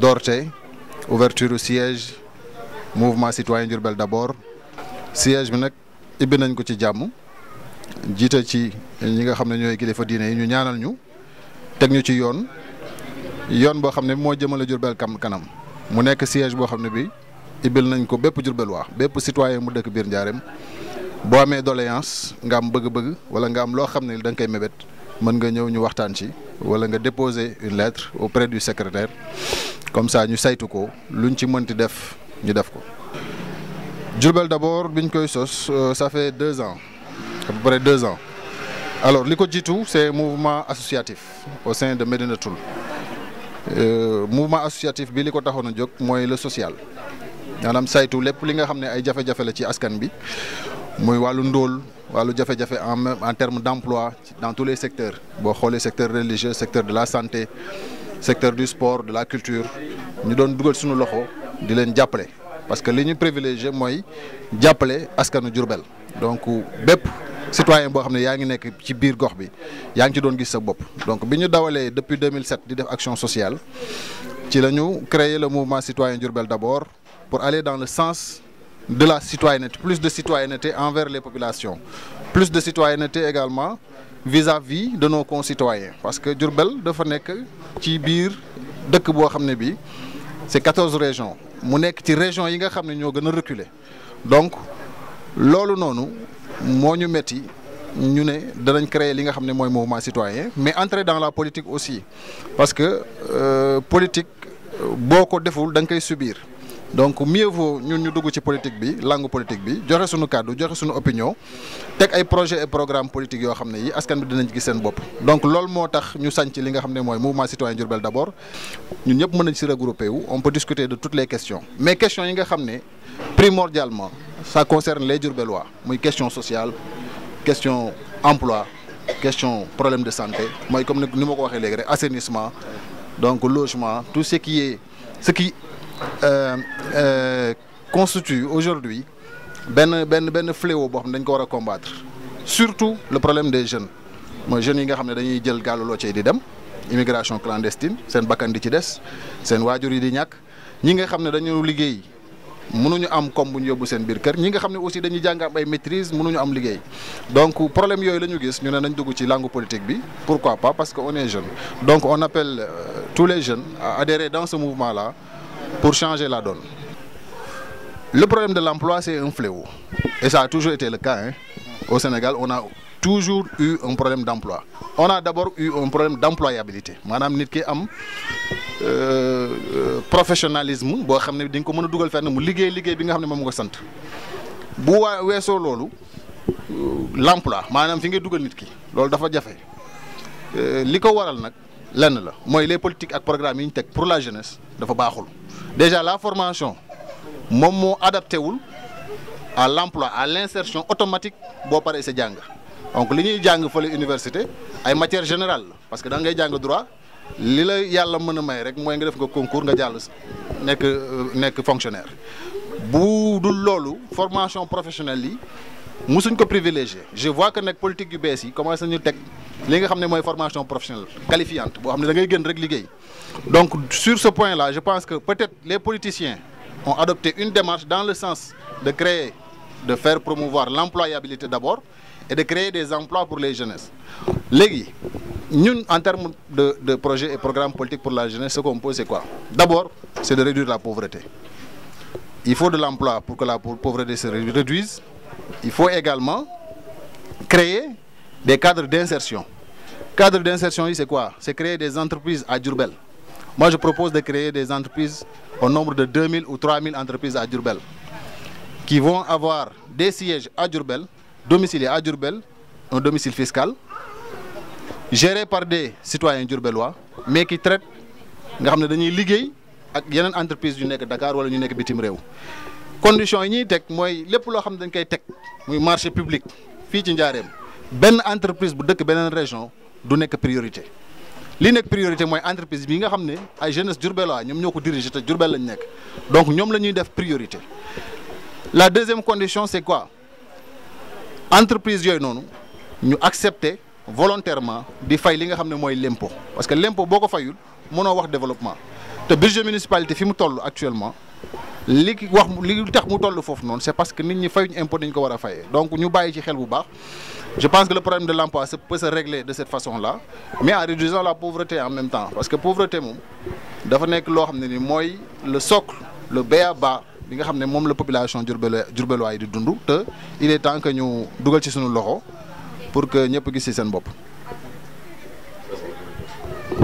doorte ouverture siège mouvement citoyen Diourbel d'abord siège bi nag ibbi nañ ko ci jàmm jiite ci ñi nga xam ne ñooy kilifa diine yi ñu ñaanal ñu teg ñu ci yoon yoon boo xam ne moo jëmale Diourbel kam kanam mu nekk siège boo xam ne bi ibbil nañ ko bépp Diourbel waa bépp citoyen mu dëkk biir Njaareem boo amee doléance nga am bëgg-bëgg wala nga am loo xam ne da nga koy mébét mën nga ñëw ñu waxtaan ci wala nga déposer une lettre au du secrétaire comme ça ñu saytu ko lu ñu ci mënti def ñu def ko. Diourbel d'abord biñ koy sos euh, ça fait deux ans à peu près deux ans alors li ko jiitu c'est mouvement associatif au sein de Médina Toul euh, mouvement associatif bi li ko taxoon a jóg mooy le social maanaam saytu lépp li nga xam ne ay jafe-jafe la ci askan bi muy wàllu ndool wàllu jafe-jafe en en termes d'emploi dans tous les secteurs boo xoolee secteur religieux secteur de la santé. secteur du sport de la culture ñu doon dugal suñu loxo di leen jàppale parce que li ñu privilégié mooy jàppale askanu Jurbel donc bépp citoyen boo xam ne yaa ngi nekk ci biir gox bi yaa ngi ci doon gis sa bopp donc bi ñu dawalee depuis 2007 di def action sociale ci la ñu créer le mouvement citoyen Diourbel d'abord pour aller dans le sens de la citoyenneté plus de citoyenneté envers les population plus de citoyenneté également vis-à-vis de nos concitoyens parce que Diourbel dafa nekk ci biir dëkk boo xam ne bii c'est quatorze régions mu nekk ci région yi nga xam ne ñoo gën a reculer donc loolu noonu moo ñu metti ñu ne danañ créer li nga xam ne mooy mouvement citoyen mais entrer dans la politique aussi parce que euh, politique boo ko deful da nga koy subir donc mieux vaut ñun ñu dugg ci politique bi langue politique bi joxe suñu kàddu joxe suñu opinion teg ay projet et programme politique yoo xam ne yi askan bi dinañ gis seen bopp donc lool moo tax ñu sànc li nga xam ne mooy mouvement citoyen Diourbel d'abord ñun ñëpp mën nañ si regrouper wu on peut discuter de toutes les questions mais questions yi nga xam ne primordialement ça concerne les Diourbellois muy question sociale question emploi question problème d santé mooy comme ni ma ko waxee léegi rek assainissement donc logement tout ce qui est ce qui Euh, euh, constitue aujourd'hui benn benn benn fléau boo xam ne dañ ko war a combattre surtout le problème des jeunes mooy jeunes yi nga xam ne dañuy jël gaalu loo cay di dem immigration clandestine seen bakkan di ci des seen waajur yi di ñàkk ñi nga xam ne dañu liggéey mënuñu am comme bu ñu yóbbu seen biir kër ñi nga xam ne aussi dañuy jàng am ay maîtrise mënuñu am liggéey donc problème yooyu lañu gis ñu ne nañ dugg ci langue politique bi pourquoi pas parce que on est jeune donc on appelle euh, tous jeunes à dans ce mouvement là pour changer la done Le problème de l'emploi, c'est un fléau. Et ça a toujours été le cas. Hein. Au Sénégal, on toujours eu un problème d'emploi. On a d'abord eu un problème maanaam nit Nitke Am, euh, euh, professionnalisme, bo ne dañ ko mën mëna duggal fenn mu liggéey liggéey bi nga xamné mom nga sant bu weesoo loolu euh, l'emploi maanaam fi nge dugal nit ki loolu dafa jafe li ko waral nag lenn la mooy les politiques ak programme yi ñu teg pour la jeunesse dafa baaxul déjà la formation moom moo adapté wul à l'emploi à l'insertion automatique boo paree sa jàng donc li ñuy jàng fële université ay matière générale la parce que da ngay jàng droit li la yàlla mën a may rek mooy nga def nga concours nga jàll nekk euh, nekk fonctionnaire bu dul loolu formation professionnelle yi suñ ko privilégié je vois que nag politique yu bees yi commencé nañu teg li nga xam ne mooy formation professionnelle qualifiante boo xam ne dangay ngay gën rek liggéey donc sur ce point là je pense que peut-être les politiciens ont adopté une démarche dans le sens de créer de faire promouvoir l'employabilité d'abord et de créer des emplois pour les jeunesses léegi ñun en termes de de projet et programme politique la jeunesse ce qu'on pose c'est quoi d'abord il faut de l'emploi pour que la pauvreté se réduise. Il faut également créer des cadres d'insertion. Cadre d'insertion, c'est quoi C'est créer des entreprises à Durbel. Moi, je propose de créer des entreprises au nombre de 2000 ou 3000 entreprises à Durbel qui vont avoir des sièges à Durbel, domiciliés à Durbel, un domicile fiscal, géré par des citoyens durbelois, mais qui traitent, nous avons ak yeneen entreprise yu nekk Dakar wala ñu nekk bitim réew condition yi ñuy teg mooy lépp loo xam ne dañ koy teg muy marché public fii ci njaareem benn entreprise bu dëkk beneen région du nekk priorité li nekk priorité mooy entreprise bi nga xam ne ay jeunesse Diourbellois ñoom ñoo ko dirigé te Diourbel lañ nekk donc ñoom la ñuy def priorité la deuxième condition c'est quoi entreprise yooyu noonu ñu accepter volontairement di fay li nga xam ne mooy l'impôt parce que l'impôt boo ko fayul mënoo wax développement te budget municipalité fi mu toll actuellement li wax li tax mu toll foofu noonu c'est parce que nit ñi fayuñu impôt dañ ko war a fayee donc ñu bàyyi ci xel bu baax je pense que le problème de l'emploi se peut se régler de cette façon là mais en réduisant la pauvreté en même temps parce que pauvreté moom dafa nekk loo xam ne nii mooy le socle le b.a.-ba bi nga xam ne moom la population jurbel jurbelois yi di dund te il est temps que ñu dugal ci suñu loxo pour que ñëpp gis ci seen bopp